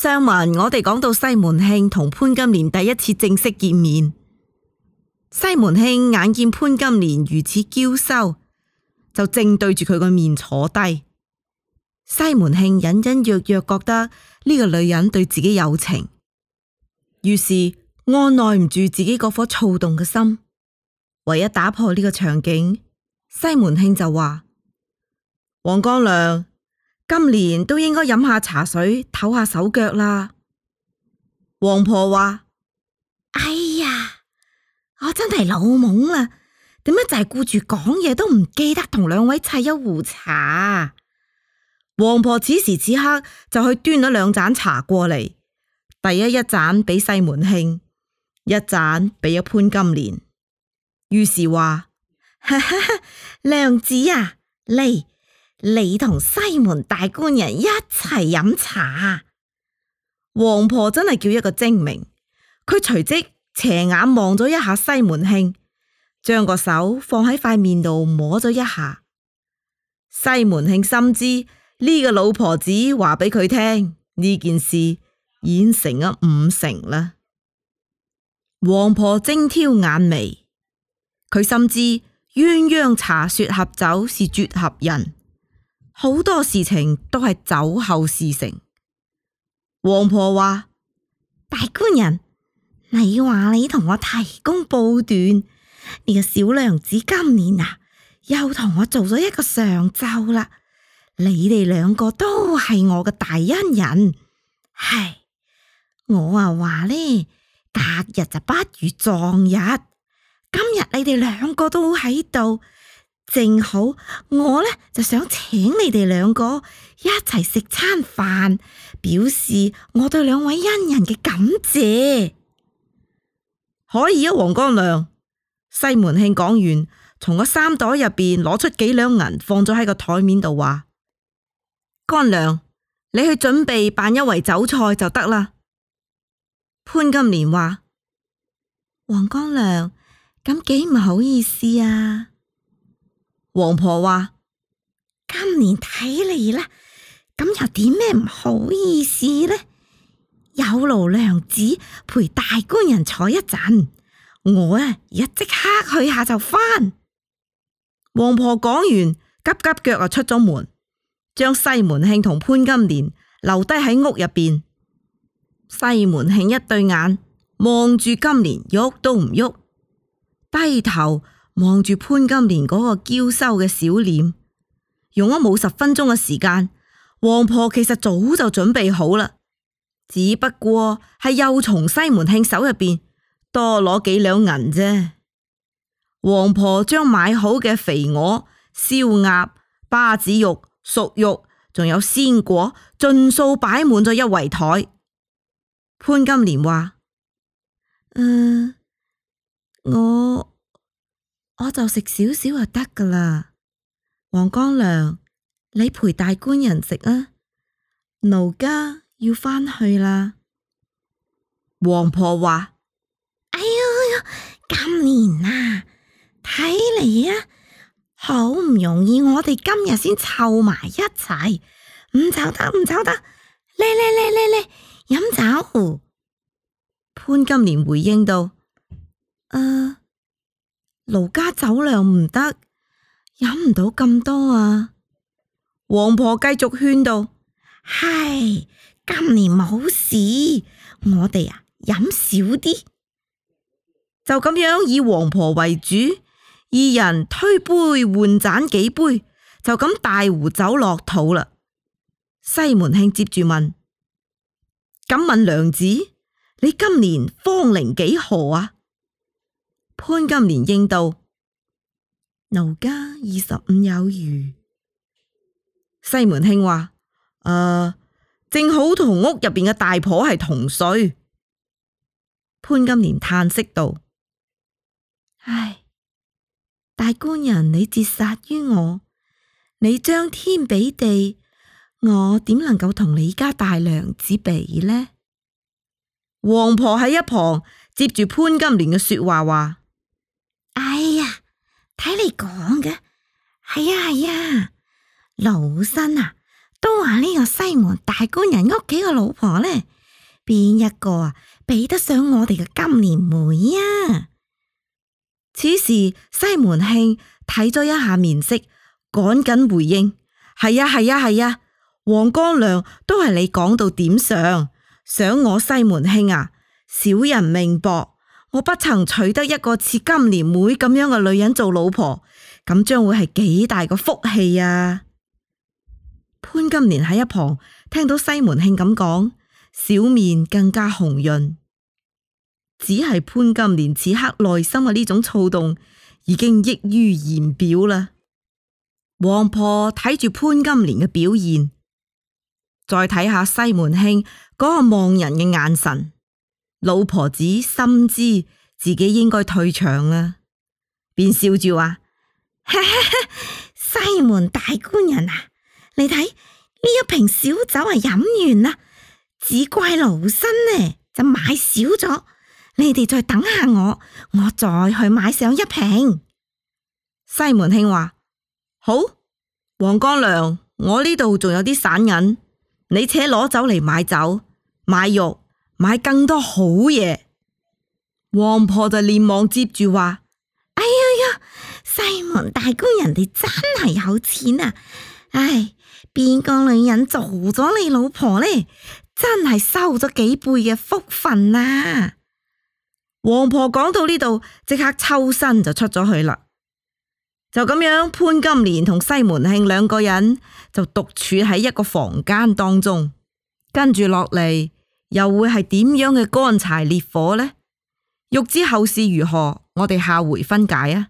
上文我哋講到西門慶同潘金蓮第一次正式見面，西門慶眼見潘金蓮如此嬌羞，就正對住佢個面坐低。西門慶隱隱約約覺得呢個女人對自己有情，於是按捺唔住自己嗰顆躁動嘅心，唯一打破呢個場景，西門慶就話：黃光亮。今年都應該飲下茶水，唞下手腳啦。王婆話：哎呀，我真係老懵啦，點解就係顧住講嘢都唔記得同兩位砌一壺茶？王婆此時此刻就去端咗兩盞茶過嚟，第一一盞俾西門慶，一盞俾咗潘金蓮。於是話： 娘子啊，嚟！你同西門大官人一齊飲茶，王婆真係叫一個精明。佢隨即斜眼望咗一下西門慶，將個手放喺塊面度摸咗一下。西門慶深知呢個老婆子話俾佢聽，呢件事已經成咗五成啦。王婆精挑眼眉，佢深知鴛鴦茶雪合酒是絕合人。好多事情都係酒後事成。王婆話：大官人，你話你同我提供布段，你個小娘子今年啊，又同我做咗一個上晝啦。你哋兩個都係我嘅大恩人。唉，我啊話呢，隔日就不如撞日。今日你哋兩個都喺度。正好我呢就想請你哋兩個一齊食餐飯，表示我對兩位恩人嘅感謝。可以啊，黃光良。西門慶講完，從個衫袋入邊攞出幾兩銀，放咗喺個台面度，話：光良，你去準備辦一圍酒菜就得啦。潘金蓮話：黃光良，咁幾唔好意思啊。王婆話：今年睇嚟啦，咁又點咩唔好意思呢？有勞娘子陪大官人坐一陣，我啊，一即刻去下就返。王婆講完，急急腳就出咗門，將西門慶同潘金蓮留低喺屋入邊。西門慶一對眼望住金蓮，喐都唔喐，低頭。望住潘金蓮嗰個嬌羞嘅小臉，用咗冇十分鐘嘅時間，王婆其實早就準備好啦，只不過係又從西門慶手入邊多攞幾兩銀啫。王婆將買好嘅肥鵝、燒鴨、巴子肉、熟肉，仲有鮮果，盡數擺滿咗一圍台。潘金蓮話：嗯、呃，我。我就食少少就得噶啦。王光亮，你陪大官人食啊。奴家要翻去啦。王婆話：哎，哎呀，今年啊，睇嚟啊，好唔容易我，我哋今日先湊埋一齊，唔走得唔走得，嚟嚟嚟嚟嚟，飲酒。潘金蓮回應道：「啊、呃。」奴家酒量唔得，飲唔到咁多啊！王婆繼續勸道：唉，今年冇事，我哋啊飲少啲。就咁樣以王婆為主，二人推杯換盞幾杯，就咁大壺酒落肚啦。西門慶接住問：敢問娘子，你今年芳齡幾何啊？潘金蓮應道：奴家二十五有餘。西門慶話：呃，正好同屋入邊嘅大婆係同歲。潘金蓮嘆息道：唉，大官人，你折殺於我，你將天比地，我點能夠同你家大娘子比呢？王婆喺一旁接住潘金蓮嘅說話話。睇你講嘅係啊係啊，老身啊都話呢個西門大官人屋企個老婆呢，邊一個啊比得上我哋嘅金蓮妹啊？此時西門慶睇咗一下面色，趕緊回應：係啊係啊係啊，啊，王光良都係你講到點上，想我西門慶啊，小人命薄。我不曾娶得一個似金蓮妹咁樣嘅女人做老婆，咁將會係幾大個福氣呀、啊。潘金蓮喺一旁聽到西門慶咁講，小面更加紅潤，只係潘金蓮此刻內心嘅呢種躁動已經溢於言表啦。王婆睇住潘金蓮嘅表現，再睇下西門慶嗰個望人嘅眼神。老婆子深知自己應該退場啦，便笑住話： 西門大官人啊，你睇呢一瓶小酒係飲完啦，只怪老身呢就買少咗，你哋再等下我，我再去買上一瓶。西門慶話：好，王乾娘，我呢度仲有啲散銀，你且攞走嚟買酒、買肉。買更多好嘢，王婆就連忙接住話：哎呀呀、哎，西門大官人哋真係有錢啊！唉，邊個女人做咗你老婆呢？真係收咗幾倍嘅福分啊！王婆講到呢度，即刻抽身就出咗去啦。就咁樣，潘金蓮同西門慶兩個人就獨處喺一個房間當中，跟住落嚟，又會係點樣嘅乾柴烈火呢？欲知後事如何，我哋下回分解啊！